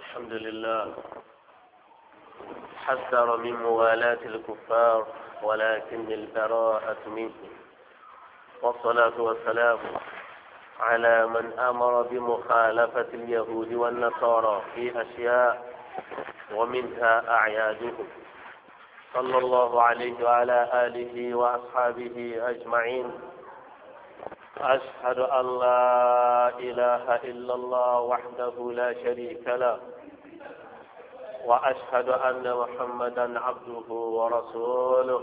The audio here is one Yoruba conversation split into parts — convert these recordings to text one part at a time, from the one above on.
الحمد لله حذر من موالاة الكفار ولكن البراءة منه والصلاة والسلام على من أمر بمخالفة اليهود والنصارى في أشياء ومنها أعيادهم صلى الله عليه وعلى آله وأصحابه أجمعين أشهد أن لا إله إلا الله وحده لا شريك له وأشهد أن محمدا عبده ورسوله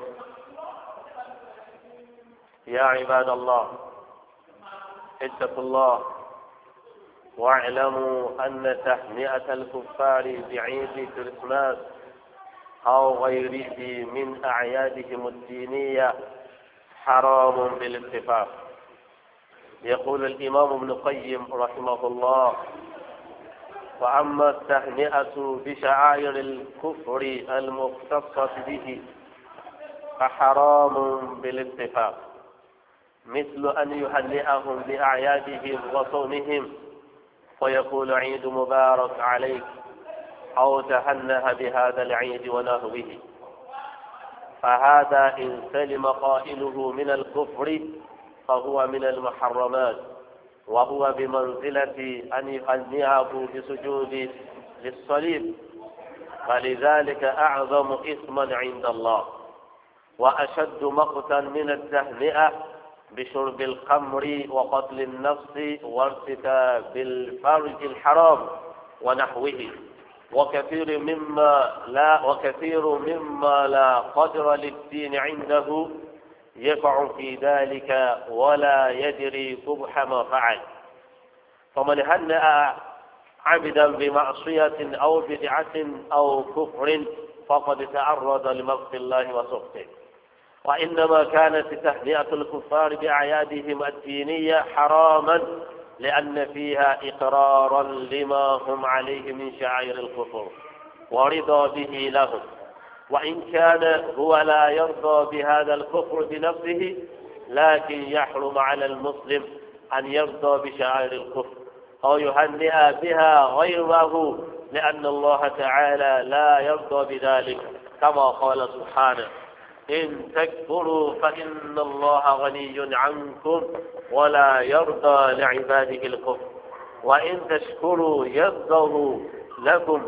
يا عباد الله اتقوا الله واعلموا أن تهنئة الكفار بعيد كريسماس أو غيره من أعيادهم الدينية حرام بالاتفاق يقول الإمام ابن قيم رحمه الله وأما التهنئة بشعائر الكفر المختصة به فحرام بالاتفاق مثل أن يهنئهم بأعيادهم وصومهم ويقول عيد مبارك عليك أو تهنه بهذا العيد ونهوه فهذا إن سلم قائله من الكفر فهو من المحرمات وهو بمنزلة أن في بسجود للصليب فلذلك أعظم إثما عند الله وأشد مقتا من التهنئة بشرب الخمر وقتل النفس وارتكاب الفرج الحرام ونحوه وكثير مما لا وكثير مما لا قدر للدين عنده يقع في ذلك ولا يدري قبح ما فعل فمن هنأ عبدا بمعصية أو بدعة أو كفر فقد تعرض لمغفر الله وسخطه وإنما كانت تهنئة الكفار بأعيادهم الدينية حراما لأن فيها إقرارا لما هم عليه من شعائر الكفر ورضا به لهم وإن كان هو لا يرضى بهذا الكفر بنفسه لكن يحرم على المسلم أن يرضى بشعائر الكفر أو يهنئ بها غيره لأن الله تعالى لا يرضى بذلك كما قال سبحانه إن تكفروا فإن الله غني عنكم ولا يرضى لعباده الكفر وإن تشكروا يرضى لكم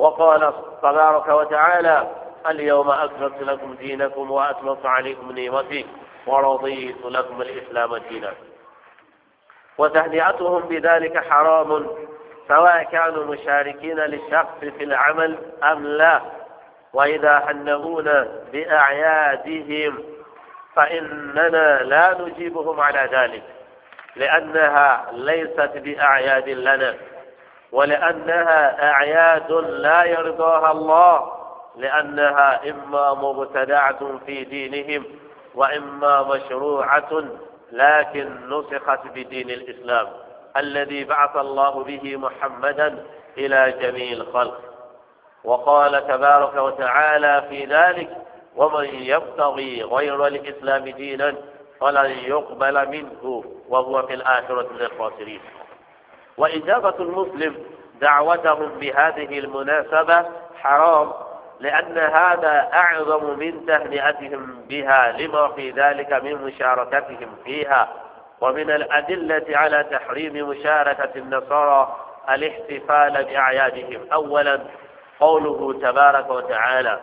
وقال تبارك وتعالى اليوم أكملت لكم دينكم وأتمت عليكم نيمتي ورضيت لكم الإسلام دينا وتهنئتهم بذلك حرام سواء كانوا مشاركين للشخص في العمل أم لا وإذا هنئونا بأعيادهم فإننا لا نجيبهم على ذلك لأنها ليست بأعياد لنا ولأنها أعياد لا يرضاها الله لأنها إما مبتدعة في دينهم وإما مشروعة لكن نسخت بدين الإسلام الذي بعث الله به محمدا إلى جميع الخلق وقال تبارك وتعالى في ذلك ومن يبتغي غير الإسلام دينا فلن يقبل منه وهو في الآخرة من الخاسرين وإجابة المسلم دعوتهم بهذه المناسبة حرام لأن هذا أعظم من تهنئتهم بها لما في ذلك من مشاركتهم فيها ومن الأدلة على تحريم مشاركة النصارى الاحتفال بأعيادهم أولا قوله تبارك وتعالى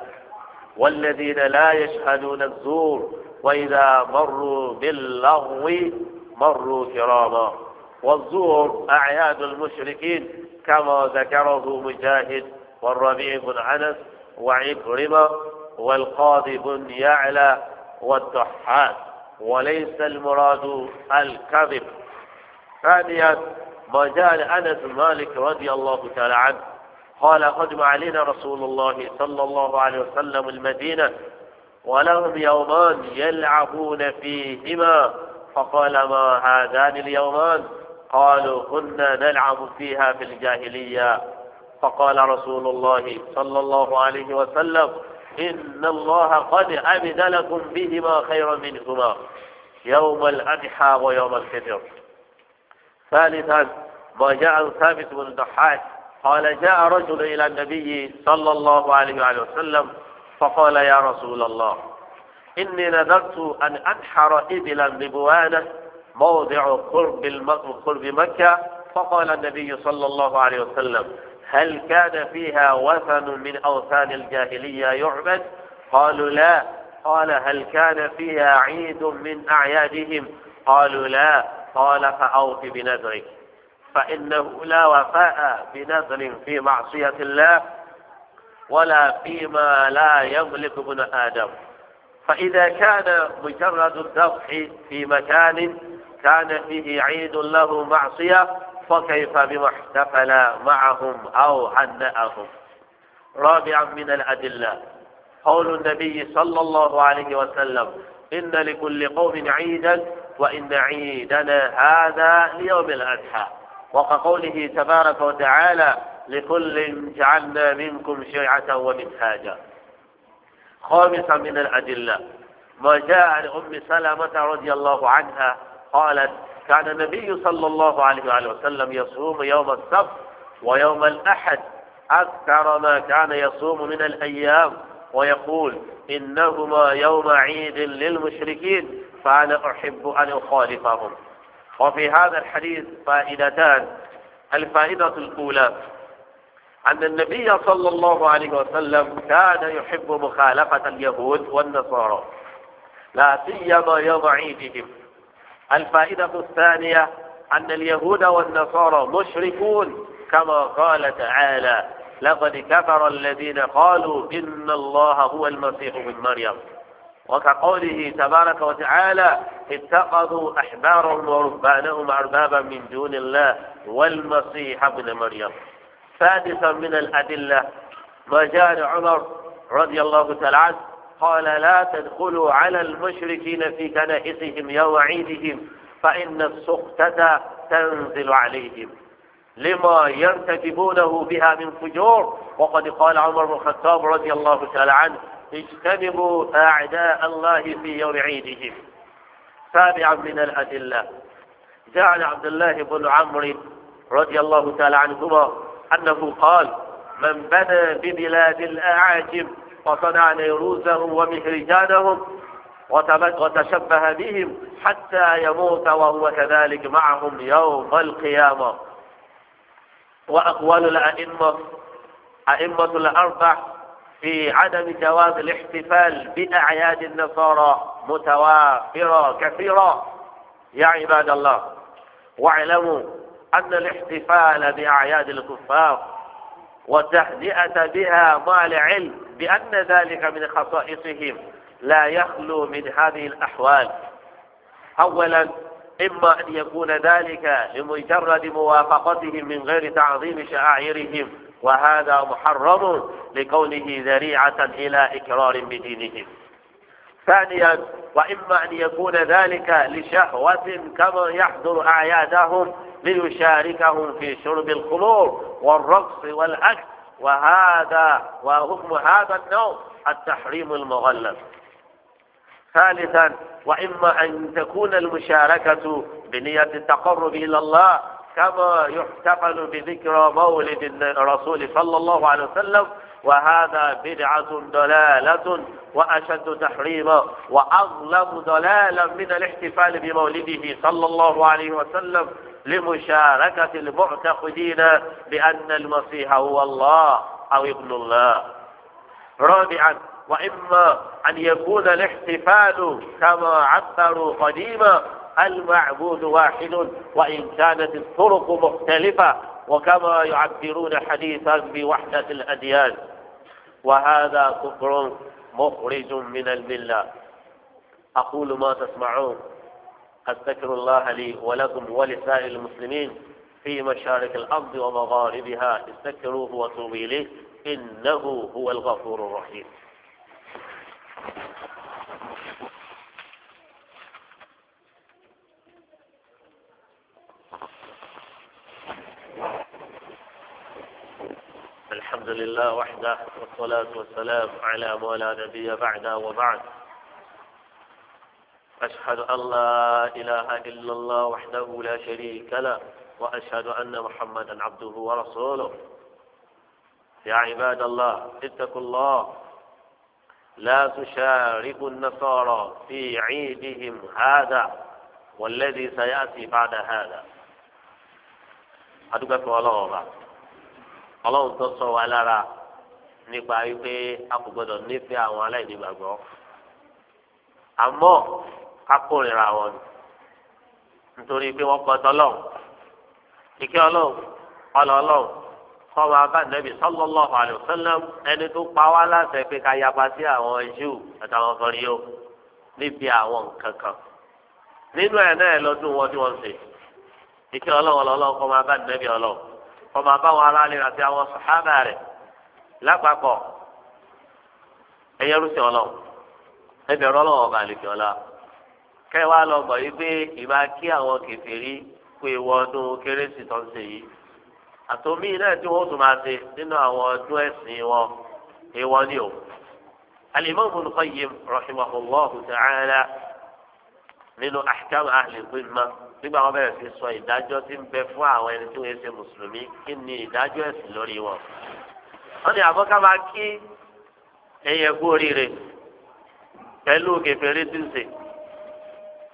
والذين لا يشهدون الزور وإذا مروا باللغو مروا كراما والزور أعياد المشركين كما ذكره مجاهد والربيع بن أنس وعكرمة والقاضي بن يعلى والضحاك وليس المراد الكذب ثانيا ما جاء أنس مالك رضي الله تعالى عنه قال قدم علينا رسول الله صلى الله عليه وسلم المدينة ولهم يومان يلعبون فيهما فقال ما هذان اليومان قالوا كنا نلعب فيها في الجاهلية فقال رسول الله صلى الله عليه وسلم إن الله قد عبد لكم بهما خيرا منهما يوم الأضحى ويوم الفطر ثالثا ما جاء ثابت بن النحاس قال جاء رجل إلى النبي صلى الله عليه وسلم فقال يا رسول الله إني نذرت أن أنحر إبلا ببوانة موضع قرب قرب مكة فقال النبي صلى الله عليه وسلم هل كان فيها وثن من أوثان الجاهلية يعبد قالوا لا قال هل كان فيها عيد من أعيادهم قالوا لا قال فأوف بنذرك فإنه لا وفاء بنذر في معصية الله ولا فيما لا يملك ابن آدم فإذا كان مجرد الذبح في مكان كان فيه عيد له معصية فكيف بما احتفل معهم أو هنأهم رابعا من الأدلة قول النبي صلى الله عليه وسلم إن لكل قوم عيدا وإن عيدنا هذا ليوم الأضحى وكقوله تبارك وتعالى لكل جعلنا منكم شيعة ومنهاجا خامسا من الأدلة ما جاء لأم سلمة رضي الله عنها قالت كان النبي صلى الله عليه وآله وسلم يصوم يوم السبت ويوم الأحد أكثر ما كان يصوم من الأيام ويقول إنهما يوم عيد للمشركين فأنا أحب أن أخالفهم وفي هذا الحديث فائدتان الفائدة الأولى أن النبي صلى الله عليه وسلم كان يحب مخالفة اليهود والنصارى لا سيما يوم عيدهم الفائدة الثانية أن اليهود والنصارى مشركون كما قال تعالى لقد كفر الذين قالوا إن الله هو المسيح ابن مريم وكقوله تبارك وتعالى اتخذوا أحبارهم ورهبانهم أربابا من دون الله والمسيح ابن مريم سادسا من الأدلة ما جاء عمر رضي الله تعالى عنه قال لا تدخلوا على المشركين في كنائسهم يوم عيدهم فإن السخطة تنزل عليهم لما يرتكبونه بها من فجور وقد قال عمر بن الخطاب رضي الله تعالى عنه اجتنبوا أعداء الله في يوم عيدهم سابعا من الأدلة جاء عن عبد الله بن عمرو رضي الله تعالى عنهما أنه قال من بنى ببلاد الأعاجم وصنع نيروزهم ومهرجانهم وتشبه بهم حتى يموت وهو كذلك معهم يوم القيامة وأقوال الأئمة أئمة الأربع في عدم جواز الاحتفال بأعياد النصارى متوافرة كثيرة يا عباد الله واعلموا أن الاحتفال بأعياد الكفار والتهنئة بها مع علم بأن ذلك من خصائصهم لا يخلو من هذه الأحوال أولا إما أن يكون ذلك لمجرد موافقتهم من غير تعظيم شعائرهم وهذا محرم لكونه ذريعة إلى إكرار بدينهم ثانيا وإما أن يكون ذلك لشهوة كما يحضر أعيادهم ليشاركهم في شرب الخمور والرقص والأكل وهذا وهم هذا النوع التحريم المغلظ ثالثا وإما أن تكون المشاركة بنية التقرب إلى الله كما يحتفل بذكرى مولد الرسول صلى الله عليه وسلم وهذا بدعة ضلالة وأشد تحريما وأظلم ضلالا من الاحتفال بمولده صلى الله عليه وسلم لمشاركة المعتقدين بأن المسيح هو الله أو ابن الله رابعا وإما أن يكون الاحتفال كما عبروا قديما المعبود واحد وإن كانت الطرق مختلفة وكما يعبرون حديثا بوحدة الأديان وهذا كفر مخرج من الملة أقول ما تسمعون أستغفر الله لي ولكم ولسائر المسلمين في مشارق الأرض ومغاربها استغفروه وتوبوا إليه إنه هو الغفور الرحيم الحمد لله وحده والصلاة والسلام على مولانا نبي بعد وبعد أشهد أن لا إله إلا الله وحده لا شريك له وأشهد أن محمدا عبده ورسوله يا عباد الله اتقوا الله لا تشاركوا النصارى في عيدهم هذا والذي سيأتي بعد هذا أدوكوا الله أبا الله تصوى على nípa نبا يبقى أقبض النفع وعلى نبا aláìnígbàgbọ́ kákórìíra wọn nítorí pé wọ́n kọ́ tọ́lọ́ ìkẹ́ ọlọ́run ọlọ́ ọlọ́run kọ́ máa bá nẹ́bí sallallahu alaihi wasallam ẹni tó pa wá láṣẹ pé ká yapa sí àwọn júù àtàwọn kan yóò níbi àwọn nǹkan kan nínú ẹ̀ náà lọ́dún wọn tí wọ́n ṣe ìkẹ́ ọlọ́run ọlọ́run kọ́ máa bá nẹ́bí ọlọ́run kọ́ máa bá wọn aráàlú àti àwọn sàhábà rẹ̀ lápapọ̀ ẹ̀yẹ́rú sí ọlọ́run ẹ̀bẹ̀rún ọlọ́run ọba àlejò ọlọ́run kẹwàá lọ gbọ́ yìí pé ìbá kí àwọn kẹfìrí pé wọdún kérésì tó ń ṣe yìí àtòmí náà tí wọ́n tún máa ṣe nínú àwọn ọdún ẹ̀sìn wọn èèwọ̀ ni o. Al-Imam Ibn Qayyim rahimahullahu ta'ala nínú ahkam ahli dhimma nígbà wọn bẹ̀rẹ̀ sí sọ ìdájọ́ tí ń bẹ fún àwọn ẹni tí wọ́n ṣe mùsùlùmí kí ni ìdájọ́ ẹ̀sìn lórí wọn. wọ́n ní àbọ̀ká máa kí ẹ̀yẹ oríire pẹ̀lú kẹfẹ́rẹ́ tí ń ṣe.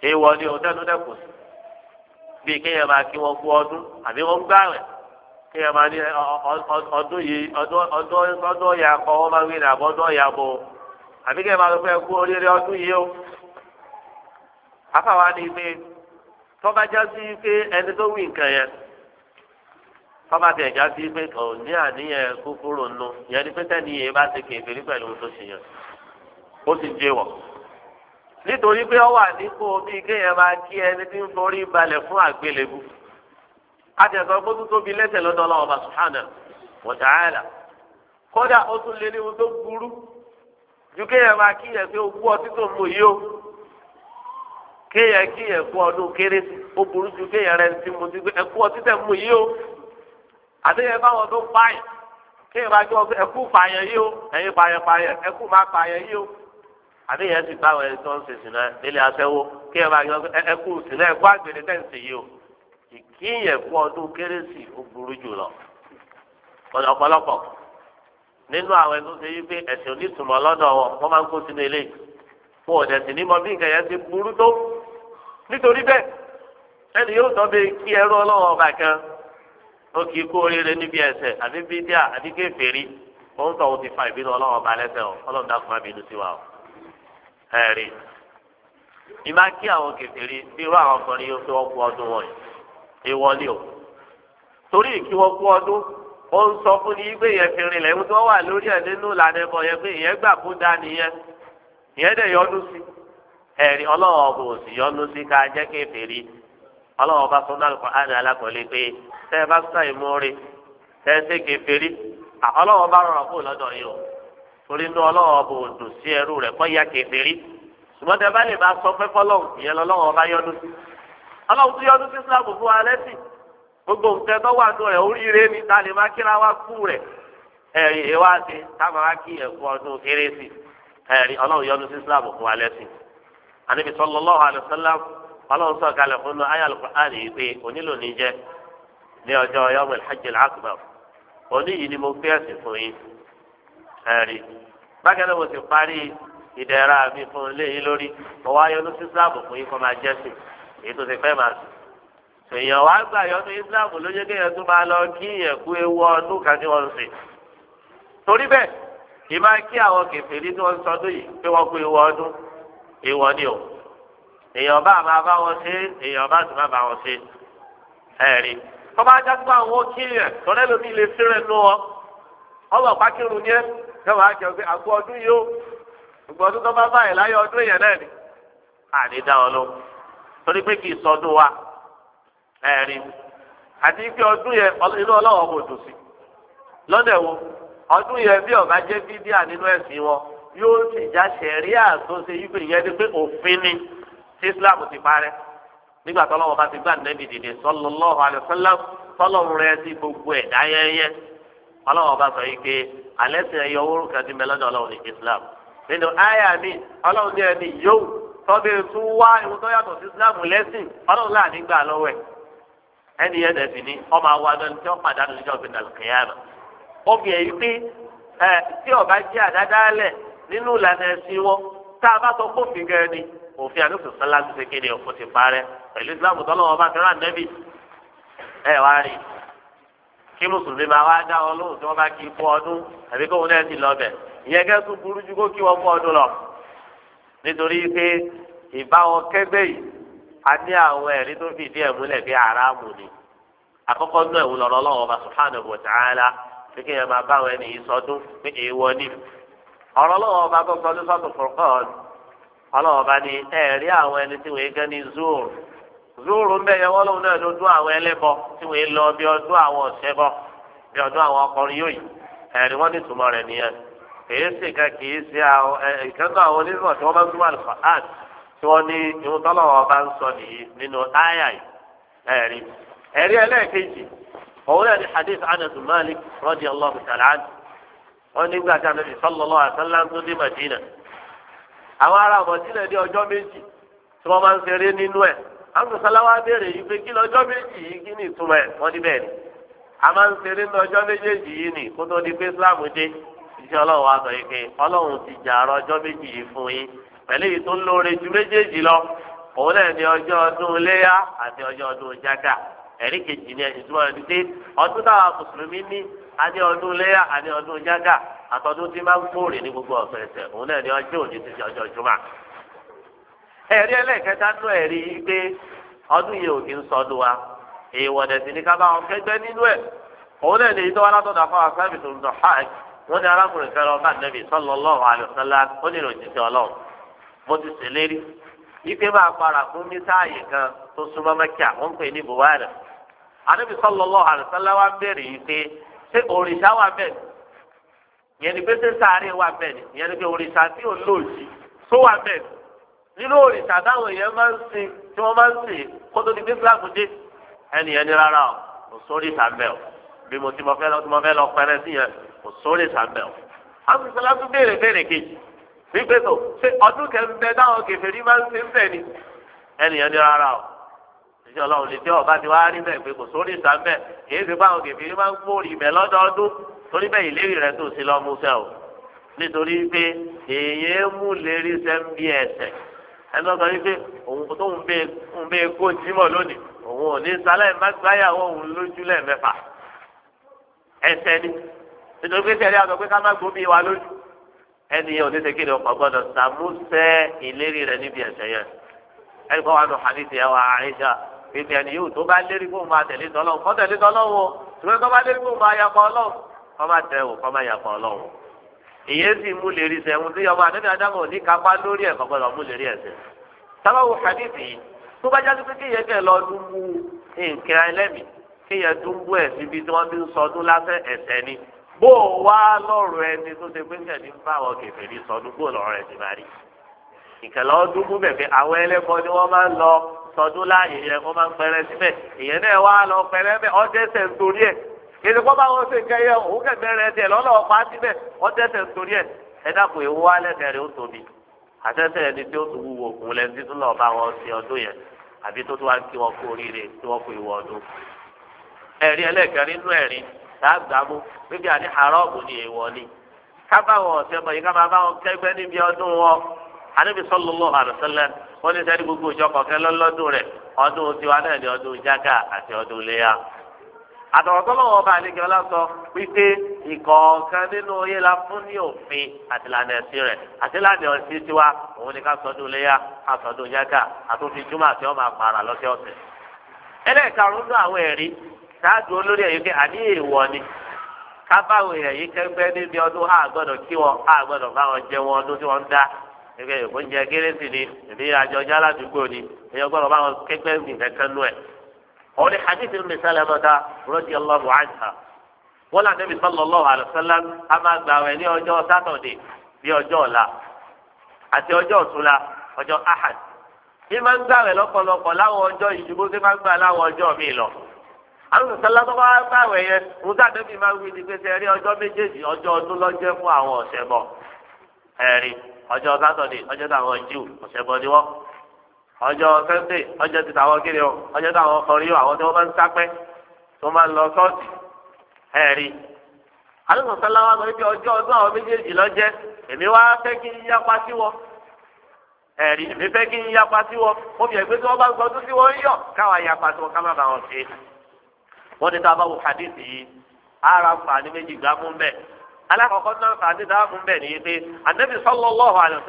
èèwọ̀ ni ò dẹnu dẹkùn sí bíi kéèyàn máa kí wọn kú ọdún àbí wọn gbá rẹ kéèyàn máa ní ọdún yìí ọdún ọyà kọ wọn máa àbọ ọdún ọyà bò àbí kéèyàn máa lọ fẹ ọdún yìí o afáwa ni pé tọ́ba já sí pé ẹni tó wí nǹkan yẹn tọ́ba tẹ̀ já sí pé ní àníyàn kúkúrò nù yẹn bá ti pẹ̀lú tó ṣe nítorí pé ó wà nípò bíi kéèyàn máa kí ẹni tí ń forí balẹ̀ fún àgbélébù àtẹ̀sọ́ pé tó tóbi lẹ́sẹ̀ lọ́dọ̀ ọlọ́wọ́ bá sùhánà wọ̀tàhálà kódà ó tún lé ní ohun tó burú ju kéèyàn máa kíyàn pé ogún ọtí tó mú yìí ó kéèyàn kíyàn kú ọdún kérésì ó burú ju kéèyàn rẹ ti mú ẹkú ọtí tẹ̀ mú yìí ó àtẹ̀yẹ báwọn tó pààyàn kéèyàn máa jọ ẹkú àbí yẹn sì báwọn ẹni tó ń ṣe sìnà délé aṣẹ́wó kí ẹ máa yọ ẹ kú sìnà ẹ kú àgbèrè tẹ̀sí yìí o ìkíyẹ̀ fún ọdún kérésì ó burú jù lọ ọ̀pọ̀lọpọ̀ nínú àwọn ẹni tó ṣe wípé ẹ̀sìn onítùmọ̀ lọ́dọ̀ wọn wọ́n máa ń kó sínú ilé wọn ò dẹ̀sìn ní mọ bí nǹkan yẹn ti burú tó nítorí bẹ́ẹ̀ ẹni yóò tọ́ bí kí ẹrú ọlọ́wọ́ ọba kan ó kì í kó oríire níbi ẹ̀ṣẹ̀ àbí bídíà àbí kéferì ó ń tọ́ òun ti fa ìbínú ọlọ́wọ́ ọba lẹ́sẹ̀ ọ ọlọ́run dákun má sí wa o. ẹ̀rí ìmá kí àwọn kẹfìrí bí irú àwọn ọkùnrin yóò fi wọ́n kú ọdún wọ̀nyí ìwọlé o torí kí wọ́n kú ọdún ó ń sọ fún ní pé ìyẹn fi rinlẹ̀ ìwé tí wà lórí ẹ̀ nínú ìlànà ẹ̀bọ̀ yẹn pé ìyẹn gbà dá nìyẹn ìyẹn dẹ̀ yọdún sí ẹ̀rí ọlọ́wọ́ yọdún sí ká jẹ́ ọlọ́wọ́ bá náà pé tẹ́ ẹ bá sọ ìmúre tẹ́ ẹ o. torí inú ọlọ́wọ́ ọba òdò sí ẹrú rẹ̀ kọ́ ya kẹfẹ́rí ṣùgbọ́n tẹ bá lè bá sọ pé fọlọ́hùn ìyẹn lọ́wọ́ ọba yọnu tó islam fún wa lẹ́sìn gbogbo nǹkan tó wà nù rẹ̀ oríire ni ta lè má kíra wá kú rẹ̀ ìwà ṣe táwọn kí ọdún kérésì yọnu islam fún ẹ̀rí bákan náà mo sì parí ìdẹ̀ra mi fún ilé yìí lórí ọwọ́ ayọ́nú sí islam fún yìí kọ́ máa jẹ́ èyí tó ti fẹ́ máa sùn èèyàn wá gbà yọ́nú islam ló yẹ kéèyàn tó máa lọ kí èèyàn kú ewu ọdún kan tí wọ́n ń sè torí bẹ́ẹ̀ kì í máa kí àwọn kèfèrí tí wọ́n ń sọdún yìí pé wọ́n kú ewu ọdún èèwọ̀ ni o èèyàn bá máa bá wọn ṣe èèyàn bá sì máa bá wọn ṣe ẹ̀rí tọ́ bá já ọlọ́ pákírun ní ẹ yọ̀wọ̀ àjọ pé àgbo ọdún yìí ó gbogbo ọdún tó bá báyìí láyé ọdún yẹn náà ni àní ọ lọ torí pé kì í sọdún wa àti pé ọdún yẹn inú ọlọ́wọ́ kò dùn sí lọ́dẹ̀ wo ọdún yẹn bí jẹ́ Islam ti parẹ́ nígbà tó bá ti gbà dìde rẹ ọlọ́wọ́n bá sọ yìí pé alẹ́ ẹ̀yọ owó ní islam nínú àyà mi ọlọ́wọ́n ní ẹni yóò tọ́bẹ̀ tún wá ìwọ tó yàtọ̀ sí islam lẹ́sìn ọlọ́wọ́n láàánú gbà lọ́wọ́ ẹ̀ ẹni yẹn dẹ̀ sì ní ọmọ tí wọ́n pàdánù níjọ́ fi nàlù ọba jẹ́ nínú ìlànà ẹ̀sìn wọn tá a bá sọ kófin ni òfin àdókò sọ́lá ti ṣe kéde ọ̀pọ̀ ti parẹ́ pẹ̀lú islam kí mùsùlùmí máa wá dá wọn lóhùn tí wọ́n bá kí fún ọdún àbí kóhun náà ti lọ bẹ̀ ìyẹn kẹ́sùn burú ju kó kí wọ́n fún ọdún lọ nítorí pé ìbáwọn kẹ́gbẹ́ yìí a ní àwọn ẹ̀rí tó fìdí ẹ̀ múlẹ̀ bí aráàmù ni àkọ́kọ́ nú ẹ̀wù lọ́rọ́ lọ́wọ́ bá subhanahu wa ta'ala pé kí ẹ máa bá àwọn ẹni sọdún pé èèwọ̀ ni ọ̀rọ̀ lọ́wọ́ bá gbọ́ sọdún sọ́tún fọ̀kọ́ọ̀n ọlọ́wọ́ bá ní ẹ̀rí àwọn ẹni tí wọ́n gẹ́ ní zoro zúrù ń bẹ yẹ wọ́n lóun awọ lójú àwọn ẹlẹ́bọ tí wọ́n lọ bí ọdún àwọn ọ̀sẹ̀ awọ bí ọdún àwọn ọkùnrin yóò yìí ẹ̀rí wọ́n ní ìtumọ̀ rẹ̀ nìyẹn kìí ṣe ká kìí ṣe àwọn ìkẹ́kọ̀ọ́ àwọn onímọ̀ tí wọ́n bá sọ nìyí nínú áyà ẹ̀rí ẹ̀rí ẹlẹ́ẹ̀kejì òun náà ní hadith anas malik radiyallahu wọ́n anabi tó dé madina àwọn ará madina ní ọjọ́ méjì tí wọ́n ń amùsọ̀lá wa béèrè yìí pé kí lọ́jọ́ méjì yìí kí ni ìtumọ̀ ẹ̀ wọ́n ní bẹ́ẹ̀ ni a máa ń ṣeré ní méjèèjì yìí ni kó tó di pé Islam dé iṣẹ́ ọlọ́run wa sọ yìí pé ọlọ́run ti jà àrọ ọjọ́ méjì yìí fún yín pẹ̀lú èyí tó ń lóore ju méjèèjì lọ òun náà ní ọjọ́ ọdún léyà àti ọjọ́ ọdún jágà ẹ̀rí kejì ni ẹ̀sìn tí wọ́n ti dé ọdún táwa mùsùlùmí ní adé ọdún léyà àti ọdún jágà àtọdún tí máa ń kóòrè ní gbogbo ọ̀sẹ̀ ẹ̀sẹ̀ òun náà ní ọjọ́ òní ti ṣe ọjọ́ jùmọ̀ ẹ̀rí ẹlẹ́ẹ̀kẹta nú ẹ̀rí pé ọdún yìí ò kí ń sọdún wa èèwọ̀ dẹ̀ sí ni ká bá wọn kẹgbẹ́ nínú ẹ̀ òun náà lè tọ́wọ́ látọ̀dọ̀ fún asábì tó ń dọ̀ hajj wọ́n ní arákùnrin fẹ́ lọ bá nẹ́bí sallallahu alaihi wasallam ó nílò òjijì ọlọ́run mo ti ṣèlérí ife máa para fún mi sáàyè kan tó súnmọ́ mẹ́kíà wọ́n pè ní buhari anábì sallallahu alaihi wasallam wa ń bèrè yìí pé ṣé òrìṣà wà bẹ́ẹ̀ ni ìyẹn ni pé ṣé sáré wà bẹ́ẹ̀ ni ìyẹn ni pé òrìṣà tí ò lòdì tó wà bẹ́ẹ̀ ni nínú òrìṣà táwọn èèyàn máa ń sìn tí wọ́n máa ń sìn kó tó di pé fúlàgùn dé ẹnìyẹn ní rárá o kò sórí ìsàmbẹ̀ o bí mo ti mọ fẹ́ lọ tí mo fẹ́ lọ pẹrẹ sí yẹn kò sórí ìsàmbẹ̀ o. àwọn ìṣẹ̀lẹ̀ á tún béèrè béèrè kejì wípé tó ṣe ọdún kẹfẹ́ táwọn kèfèrí máa ń sìn bẹ́ẹ̀ ni ẹnìyẹn ní rárá o ìṣẹ́ ọlọ́run lè jẹ́ ọba ti wá rí bẹ́ẹ̀ pé kò sórí ìsàmbẹ̀ èyí ti báwọn kèfèrí máa ń gbòòrì ibẹ̀ lọ́dọọdún torí bẹ́ẹ̀ ìlérí ẹni tó sọ yìí pé òun tó ń bẹ ń bẹ kó jímọ̀ lónìí òun ò ní sálẹ̀ má gbáyàwó òun lójú lẹ́ẹ̀mẹ́fà ẹsẹ̀ ni nítorí pé sẹ́rí àgbẹ̀ pé ká má gbóbi wa lójú ẹni yẹn ò ní sèkéde ọkọ̀ gbọ́dọ̀ sàmúsẹ́ ìlérí rẹ̀ níbi ẹ̀sẹ̀ yẹn ẹni kọ́ wa nù hadithi ẹ̀ wà àyíṣà ìgbẹ́ ni yóò tó bá lérí kó máa tẹ̀lé tọ́lọ́wọ́ kọ́ tẹ̀lé tọ́lọ́wọ́ ṣùgbọ́n tó bá lérí kó máa yàpọ̀ ọlọ́wọ́ kọ́ máa wò kọ́ máa yàpọ̀ ọlọ́wọ́. ìyẹn sì mú lè rí sẹ́wọ́n tí ọba àdébí adámọ̀ ní kápá lórí ẹ̀kọ́ gbọ́dọ̀ mú lè rí ẹ̀sẹ̀. sábàwò hadith yìí tó bá jáde pé kéèyàn lọ dún nǹkan ẹlẹ́mì kéèyàn ẹ̀ síbi tí wọ́n ni bó o wá ẹni tó ṣe pé ń bá sọdún bó ẹ̀ máa rí. èdè kọ́ bá wọn ṣe nǹkan yẹ òun kẹ̀kẹ́ rẹ tiẹ̀ lọ́nà ọ̀pá síbẹ̀ wọ́n tẹ̀sẹ̀ nítorí ẹ̀ ẹ dàpọ̀ èwo wá lẹ́kẹ̀ẹ́ rẹ ó tóbi àtẹ̀sẹ̀ ẹni tí ó tún wúwo òkun lẹ́ni títún lọ́ọ́ bá wọn ṣe ọdún yẹn àbí tó tún wá kí wọn kú oríire tí wọn kú ìwọ ọdún. ẹ̀rí ẹlẹ́kẹ̀rin nú ẹ̀rín lágbàmú bíbí àní àrọ́ọ̀bù ni èèwọ̀ ni ká bá wọn ọ̀sẹ̀ mọ̀ yìí ká máa bá wọn kẹ́gbẹ́ níbi ọdún wọn ànábì sallallahu alaihi wasallam wọn ní sẹ́ni gbogbo ìjọ kọ̀ọ̀kẹ́ lọ́lọ́dún rẹ̀ ọdún tiwa náà ni ọdún jágà àti ọdún léyà. àtọ̀wọ̀tọ́lọ́wọ́ ọba àlejò ọlá sọ wípé ìkọ̀ọ̀kan nínú yé la fún ní òfin àtìlànà ẹ̀sìn rẹ̀ àtìlànà ẹ̀sìn tiwa òun ni ká sọdún léyà ká sọdún yáká àtúnfin júmọ̀ àti ọmọ àpàrà lọ́sẹ̀ ọ̀sẹ̀. ẹlẹ́ẹ̀karùn-ún àwọn ẹ̀rí olórí ẹ̀yìn pé àní ni ká báwọn kẹgbẹ́ níbi ọdún gbọ́dọ̀ kí wọn gbọ́dọ̀ bá wọn jẹ wọn ọdún tí wọ́n ń dá ẹgbẹ́ kérésì ni ni gbọ́dọ̀ bá wọn kẹgbẹ́ nìkan kan nú أولي حديث أم سلمة رضي الله عنها ولا النبي صلى الله عليه وسلم أما داوي لي أجو ساتودي ní máa ń gbàwẹ̀ lọ́pọ̀lọpọ̀ láwọn ọjọ́ ìṣubú tí máa ń gbà láwọn ọjọ́ mi lọ. àwọn sọ̀tàn lọ́tọ́ bá gbàwẹ̀ yẹn òun tàbí máa wí ni pé ṣe rí ọjọ́ méjèèjì ọjọ́ ọdún lọ́jẹ́ fún àwọn ọ̀sẹ̀ bọ̀ ẹ̀rí ọjọ́ ọjọ́ ọjọ́ sẹ́ńdé ọjọ́ ti tàwọn kiri o ọjọ́ táwọn ọkọrin o àwọn tí wọ́n bá ń sápẹ́ tó máa ń lọ sọ́ọ̀tì ẹ̀rí. alùpùpù sọlá wa sọ wípé ọjọ́ ọdún àwọn méjèèjì lọ́jẹ́ èmi wá fẹ́ kí n yapa sí wọn ẹ̀rí èmi fẹ́ kí n yapa sí wọn mo fi ẹ̀gbẹ́ tí wọ́n bá ń gbọ́dún sí wọn yọ̀ káwa yapa sí wọn ká má bà wọn ṣe. wọ́n ti sábà wo hadith yìí ara fàánì méjì gbá mú bẹ́ẹ̀ alákọ̀ọ́kọ́ náà fàánì dáhùn bẹ́ẹ̀ ni pé ànábì sallallahu alaihi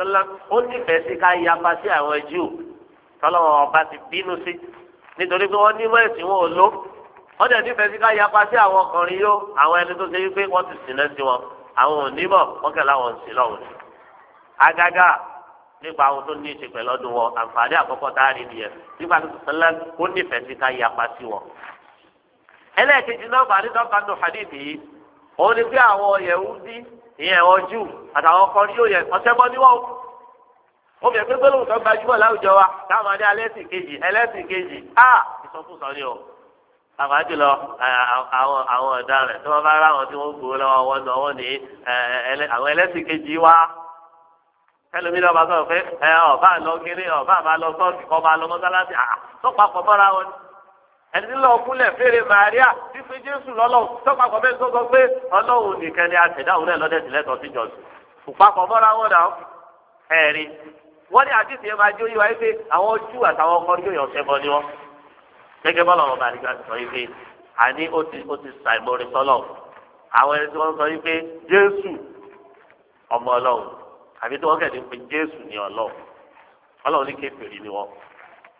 ó nífẹ̀ẹ́ sí ká yapa sí àwọn Júù tọ́lọ́wọ́ ọba ti bínú sí nítorí pé wọ́n nímọ̀ ẹ̀sìn wọn ò lò wọ́n jẹ́ nífẹ̀ẹ́ sí ká yapa sí àwọn ọkùnrin yó àwọn ẹni tó ṣe wípé wọ́n ti sìn náà sí wọn àwọn onímọ̀ wọ́n kẹ̀ láwọn ń sìn lọ́wọ́ ni. agaga nípa àwọn tó ní ìṣe pẹ̀lú ọdún wọn àǹfààní àkọ́kọ́ tá a rí nìyẹn nípa tó sẹ́lẹ̀ ó nífẹ̀ẹ́ sí ká yapa sí wọn. ẹlẹ́ẹ̀kejì náà bàálí tó bá nù ni bí ó fi ẹgbẹ́ gbólóhùn tó láwùjọ wa táwọn adé alẹ́sìn kejì ẹlẹ́sìn kejì á ìsọkúsọ ni o àgbà jùlọ àwọn àwọn ọ̀daràn tí wọ́n bá rá àwọn tí wọ́n gbowó lọ́wọ́ wọn náà wọ́n ní àwọn ẹlẹ́sìn kejì wa ẹlòmínà bá sọ pé ẹ ọba lọ kéré ọba bá lọ sọ́ọ̀sì kọ́ lọ mọ́sálásì àà sọ́pàpọ̀ mọ́ra wọn ẹni lọ kúnlẹ̀ fèrè màríà fífi jésù lọ́lọ́wọ́ sọ́pàpọ̀ bẹ́ẹ̀ sọ́kọ pé ọlọ́run nìkan ni àtẹ̀dáhùn náà lọ́dẹ̀ sílẹ̀ tó ti jọ̀sùn kùpàpọ̀ wọn náà ẹ̀rí wọ́n ní àdìsí yẹn máa jó yíwa yìí pé àwọn ojú àtàwọn ọkọ yóò yàn ṣẹbọ ni wọn gẹ́gẹ́ bọlọ wọn bá nígbà sọ yìí pé àní ó ti ó ti ṣàìmọrin sọlọ àwọn ẹni tí wọ́n sọ yìí pé Jésù ọmọ Ọlọ́run àbí tí wọ́n kẹ̀ ní pé Jésù ni Ọlọ́run Ọlọ́run ní kéferì ni wọn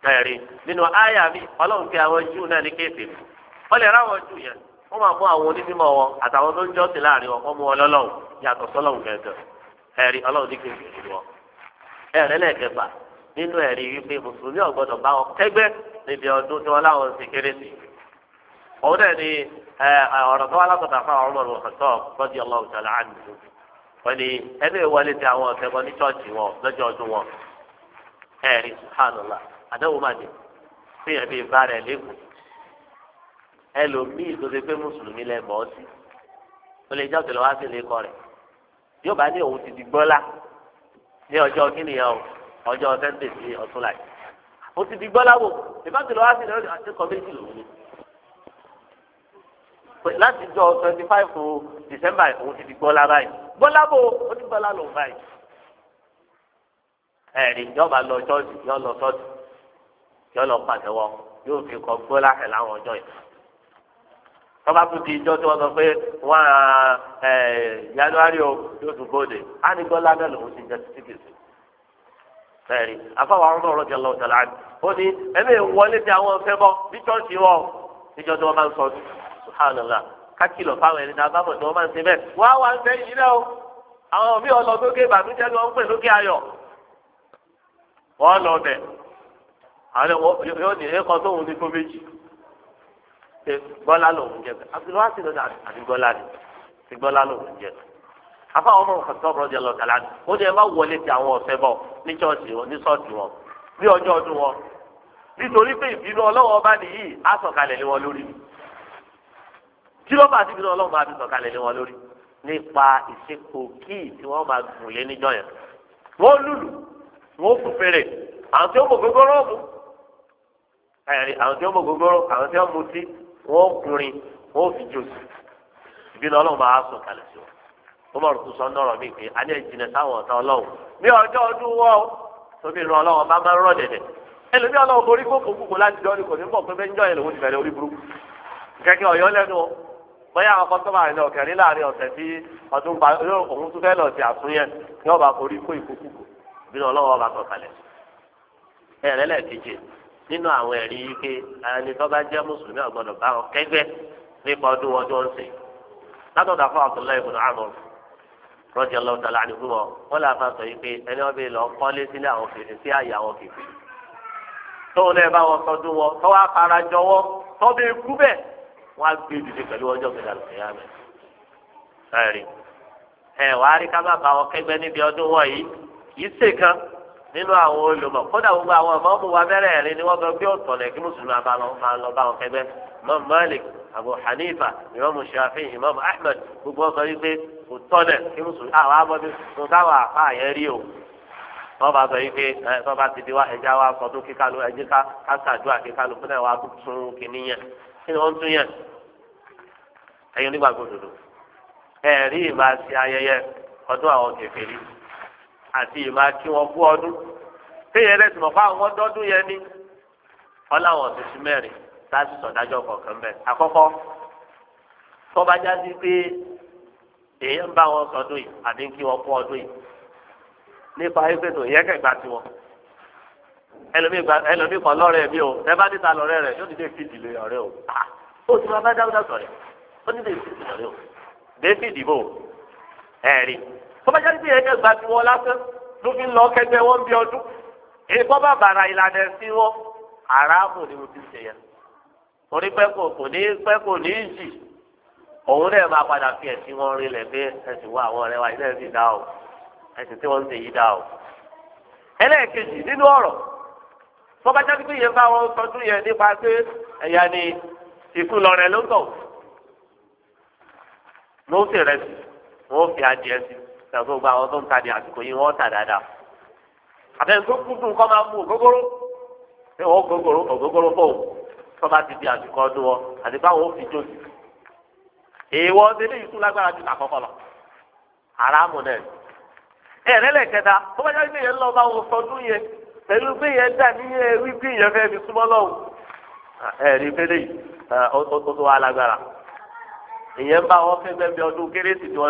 kẹrì nínú àyà mi Ọlọ́run pé àwọn Júù náà ní kéferì wọ́n lè ráwọn Júù yẹn wọ́n máa mú àwọn onímọ̀ wọn àtàwọn tó ń jọ́sìn láàrin wọn wọ́n mú wọn lọ́lọ́run ẹ̀rẹ́ lẹ́ẹ̀kẹfà nínú ẹ̀rí wípé mùsùlùmí ọ̀gbọ́dọ̀ bá wọn kẹ́gbẹ́ níbi ọdún tí wọ́n láwọn ti kéré sí. òun náà ni ọ̀rọ̀ tó wá látọ̀tà fún àwọn ọmọdé ọ̀sọ̀ lọ́dí ọlọ́run tẹ̀lé àdìsú. wọ́n ní ẹni ìwọlé ti àwọn ọ̀sẹ̀bọ ní chọ́ọ̀chì wọn lọ́jọ́ ọdún wọn. ẹ̀rí subhanallah àdáwò máa dé sí ní ọjọ́ kínìyàn o ọjọ́ sẹ́ńdẹ̀ sí ọ̀tún láì. mo ti di gbọ́láwò ìbáṣe lọ́wọ́ sí ìlọrin àti kọ́mẹ́tì lòun ni. láti jọ twenty five o december òun ti di gbọ́lá báyìí gbọ́láwò ó ní gbọ́lá lòun báyìí. ẹ̀rí yọba lọ ṣọ́ọ̀ṣì yọ lọ ṣọ́ọ̀ṣì yọ lọ pàtẹ́wọ́ yóò fi kọ gbọ́lá láwọn ọjọ́ yìí tọ́ba tún di ijọ́ tí wọ́n sọ pé wọ́n á January o yóò tún bóde á ní gbọ́dọ̀ lábẹ́ lòun ti jẹ títí gbèsè. bẹ́ẹ̀ni afọwọ́ àwọn ọ̀rọ̀ jẹ́ lọ́wọ́ tẹ̀lé àná ó ní ẹ̀mí wọlé tí àwọn fẹ́ bọ́ bí chọ́ọ̀tì wọ̀ níjọ́ tí wọ́n máa ń sọ subhanallah kákìlọ̀ fáwọn ẹni náà bábọ̀ tí wọ́n máa ń ṣe bẹ́ẹ̀ wá wá ń sẹ́yìn yìí náà o àwọn mi ọlọ lókè ìbànújẹ́ ni wọ́n ń pè lókè ayọ̀ wọ́n lọ bẹ̀ àwọn yóò ní ẹ̀kọ́ tóun ṣe gbọ́lá lòun jẹ Abdul Wasi lọ́dọ̀ àti gbọ́lá ni ti gbọ́lá lòun jẹ afa àwọn ọmọ nǹkan tọrọ jẹ lọta lánàá ó ní ẹ má wọlé ti àwọn ọ̀sẹ̀ bọ̀ ní ṣọ́ọ̀ṣì wọn ní ṣọ́ọ̀ṣì wọn ní ọjọ́ ọdún wọn nítorí pé ìbínú ọlọ́wọ́ bá nìyí á sọ̀kalẹ̀ lé wọn lórí kí ló bá ti bínú ọlọ́wọ́ bá ti sọ̀kalẹ̀ lé wọn lórí nípa ìsìnkú kíì tí wọ́n máa gùn lé níjọ́ yẹn wọ́n lùlù wọ́n kù fèrè àwọn tí ó mọ̀ gbogbo rọ́ọ̀mù àwọn tí ó mọ̀ gbogbo rọ́ọ̀mù àwọn tí ó mutí wọn ó wọn ó fi jò sí ìbínú ọlọ́run máa sọ kalẹ̀ sí wọn ó mọ̀ rúkú sọ nọ́rọ̀ mi pé alẹ́ ìjìnlẹ̀ sáwọn ọ̀tá ọlọ́run ní ọjọ́ ọdún wọ́ ọ tóbi ìran ọlọ́run bá máa ń rọ̀ ẹlòmí ọlọ́run borí kókò kúkò láti jọ́ ọdún kò ní bọ̀ pé bẹ́ẹ̀ ń jọ́ yẹn lòun ti bẹ̀rẹ̀ orí burúkú kẹ́kẹ́ ọ̀yọ́ lẹ́nu bóyá àwọn kọ́sọ́mà rẹ̀ náà kẹrin láàrin ọ̀sẹ̀ tí ọdún bá òun tún fẹ́ lọ sí àtúnyẹn ní ọba forí kó ìkókùkù ìbínú ọlọ́run ọba sọ̀kalẹ̀ ẹ̀rẹ́lẹ̀ kejì nínú àwọn ẹ̀rí yìí pé ẹni tó bá jẹ́ mùsùlùmí ọ̀gbọ́dọ̀ bá wọn kẹ́gbẹ́ nípa ọdún wọn tó látọ̀dà fún abdullahi ibn amr rọ́jà lọ́wọ́ tàlà àdìgún wọn wọn sọ yìí pé ẹni lọ kọ́lé sílé àwọn kìrì sí àyè àwọn kìrì tóun náà bá wọn sọdún wọn tó wá para jọwọ́ tó kú bẹ́ẹ̀ á gbé dìde pẹ̀lú ọjọ́ nínú àwọn olùmọ̀ kódà gbogbo àwọn ọmọọmọ wa bẹ̀rẹ̀ rí ni wọ́n sọ bí ọ̀tọ̀lẹ̀ kí mùsùlùmí abalọ máa lọ bá wọn kẹgbẹ́ imam malik abu hanifa imam shafi imam ahmed gbogbo wọn sọ yìí pé kò tọ́lẹ̀ kí mùsùlùmí àwọn abọ́dé tó táwọn àpá yẹn rí o wọ́n bá sọ yìí pé ẹ tó bá ti di wá ẹja wa sọ tó kíkalu ẹjí ká kásàdúrà kíkalu fún wa tún kíní yẹn kí ni wọ́n tún yẹn ẹ̀yin onígbàgbọ́ ẹ̀rí ìbá àti ìmọ̀ kí wọ́n kú ọdún téèyàn lẹ́sìn mọ̀ fáwọn wọn dọ́dún yẹn ni wọ́n láwọn tuntun mẹ́rin láti sọ̀dájọ́ kọ̀ọ̀kan bẹ́ẹ̀. àkọ́kọ́ tọ́bajá sí pé èèyàn bá wọn sọdún yìí àbí kí wọ́n kú ọdún yìí nípa ẹgbẹ́tò ìyẹn kẹgbà tiwọn ẹlòmíì kan lọ́rẹ́ mi o ẹ bá níta lọ́rẹ́ rẹ̀ yóò dìde fìdí lè ọ̀rẹ́ o ó ti máa bá dáúdà sọ̀rẹ́ ó dìde fìdí lọ́rẹ́ o dé fìdí bò ẹ̀rí tọ́ba jẹ́ bí ẹ̀kẹ́ gba ti wọn lásán ló fi ń lọ kẹgbẹ́ wọn bí ọdún èèkọ́ bá bàrà ìlànà sí wọn aráàbò ni mo ti ṣe yẹn torí pé kò kò ní pẹ́ kò ní jì òun náà máa padà fi ẹ̀sìn wọn rinlẹ̀ pé ẹ̀sìn wọn àwọn ọ̀rẹ́ wa ilé ẹ̀sìn dá o ẹ̀sìn tí wọ́n ń ṣe yìí dá o. ẹlẹ́ẹ̀kejì nínú ọ̀rọ̀ tọ́ba jẹ́ bí ìyẹn bá wọn tọ́jú yẹn nípa pé ẹ̀yà ni ìkú lọ rẹ̀ ló tọ̀ ló ń fi rẹ̀ sí wọ́n fi adìẹ sí ṣàgbọ́n gbogbo àwọn tó ń ta ní àsìkò yìí wọ́n tà dáadáa tó kúndùn kọ́ máa mú ògógóró ṣé wọ́n ògógóró ògógóró fò tó bá ti di àsìkò ọdún wọn àti báwọn ò fi jó sí èèwọ̀ délé yìí tún lágbára ju àkọ́kọ́ lọ náà kẹta bá yára lọ sọdún yẹn pẹ̀lú pé yẹn dà bí fẹ́ súnmọ́ lọ́wọ́ ẹ̀rí yìí ó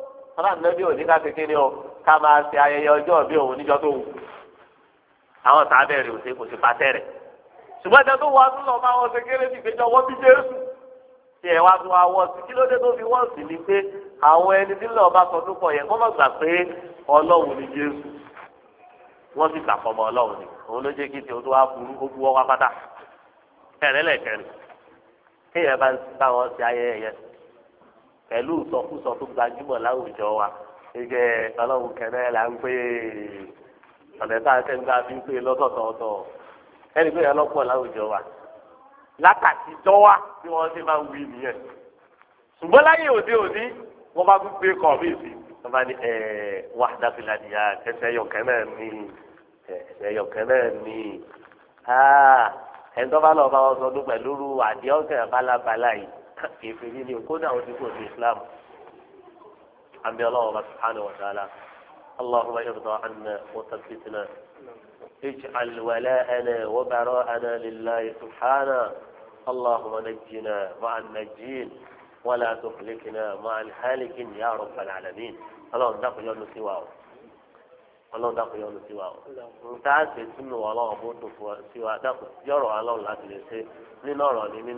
ọlọ́run nẹ́bí òní ká kékeré ni ọ ká máa ṣe ayẹyẹ ọjọ́ bí òun níjọ́ tó wù àwọn sábẹ́ rẹ̀ òsè kò sí pàtẹ́ rẹ̀ ṣùgbọ́n ẹ̀jẹ̀ tó wọ́n tún lọ máa wọ́n ṣe kéré sí ìgbẹ́jọ́ wọ́n bí jésù tí ẹ̀ wá tún àwọ̀ sí kí ló dé tó fi wọ́n sì ni pé àwọn ẹni tí lọ́ọ̀ bá sọdún pọ̀ yẹn kọ́mọ̀ gbà pé ọlọ́run ni jésù wọ́n sì gbà fọmọ ọlọ́run ni òun ló jẹ́ kí tí o pẹ̀lú ìsọkúsọ tó gbajúmọ̀ láwùjọ wa ṣíṣe ọlọ́run kẹ̀mẹ́ là ń pè é ọ̀nà tá a ṣe ń gbà fi ń pè é lọ́sọ̀tọ̀ọ̀tọ̀ ẹni pé ọlọ́pọ̀ láwùjọ wa látàtí jọ́wá bí wọ́n ṣe máa ń wí nìyẹn ṣùgbọ́n láyé òde òní wọ́n bá gbé kọ̀ mí sí wọ́n bá ní ẹ̀ wá dáfìlà nìyà ẹsẹ̀ yọ̀kẹ́ náà ní ẹsẹ̀ yọ̀kẹ́ náà ní ẹ̀ńtọ́ bá lọ́ọ́ bá wọn sọdún pẹ̀lú àdìọ́kẹ́ balabala yìí kèfèrí ni kódà àwọn tí kò sí islam àbí ọlọ́wọ́ subhanahu wa ta'ala اللهم ارضى عنا وثبتنا اجعل ولاءنا وبراءنا لله سبحانه اللهم نجنا مع النجين ولا تهلكنا مع الهالكين يا رب العالمين اللهم دق يوم سواه اللهم دق يوم سواه انت عارف سنو الله بوتو سوا دق يرو الله لا تنسي من نور من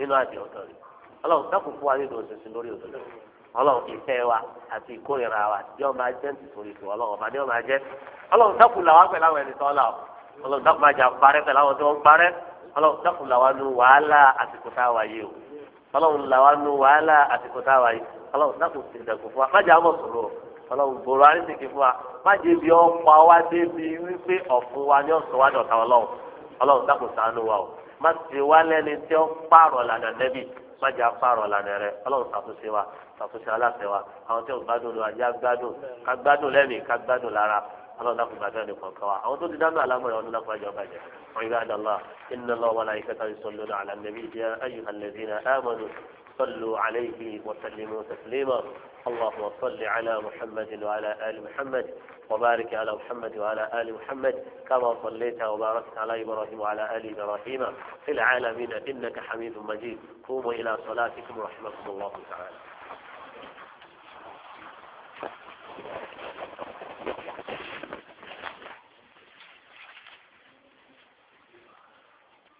nínú àdìẹ ọ̀dọ́ rẹ̀ ọlọ́run dákun fún wa nínú òṣìṣẹ́ lórí òdò rẹ̀ ọlọ́run ìfẹ́ wa àti ìkórìíra wa bí ọmọ ajẹ́ nítorí ìfẹ́ ọlọ́run ọba ní ọmọ ajẹ́ ọlọ́run dákun làwa pẹ̀lú àwọn ẹni tó ọlà ọlọ́run dákun máa jà parẹ́ pẹ̀lú àwọn tó ń parẹ́ ọlọ́run dákun làwa nu wàhálà àsìkò tá a wà yìí o ọlọ́run làwa nu wàhálà àsìkò tá a wà yìí ọlọ́run dákun sì dẹ̀kun fún wa má jà á mọ̀ sọ̀rọ̀ ọlọ́run gbòòrò àrísìkì fún wa má jẹ́ ibi ọ̀pọ̀ má ti wá lẹ́ni tí ó pààrọ̀ lànà nẹ́bì má jẹ́ apààrọ̀ lànà rẹ̀ ọlọ́run ṣàtúnṣe wa ṣàtúnṣe aláṣẹ wa àwọn tí ó gbádùn lọ ajá gbádùn ká gbádùn lẹ́mìí ká gbádùn lára ọlọ́run dákun gbàdúrà ní kọ̀ọ̀kan wa àwọn tó ti dáná alámọ̀rẹ́ ọdún dákun àjọ bàjẹ́ wọn yóò dáná lọ iná lọ́wọ́ láyé kẹta ìsọ̀lọ́dọ̀ àlànà صلوا عليه وسلموا تسليما اللهم صل على محمد وعلى آل محمد وبارك على محمد وعلى آل محمد كما صليت وباركت على إبراهيم وعلى آل إبراهيم في العالمين إنك حميد مجيد قوموا إلى صلاتكم رحمكم الله تعالى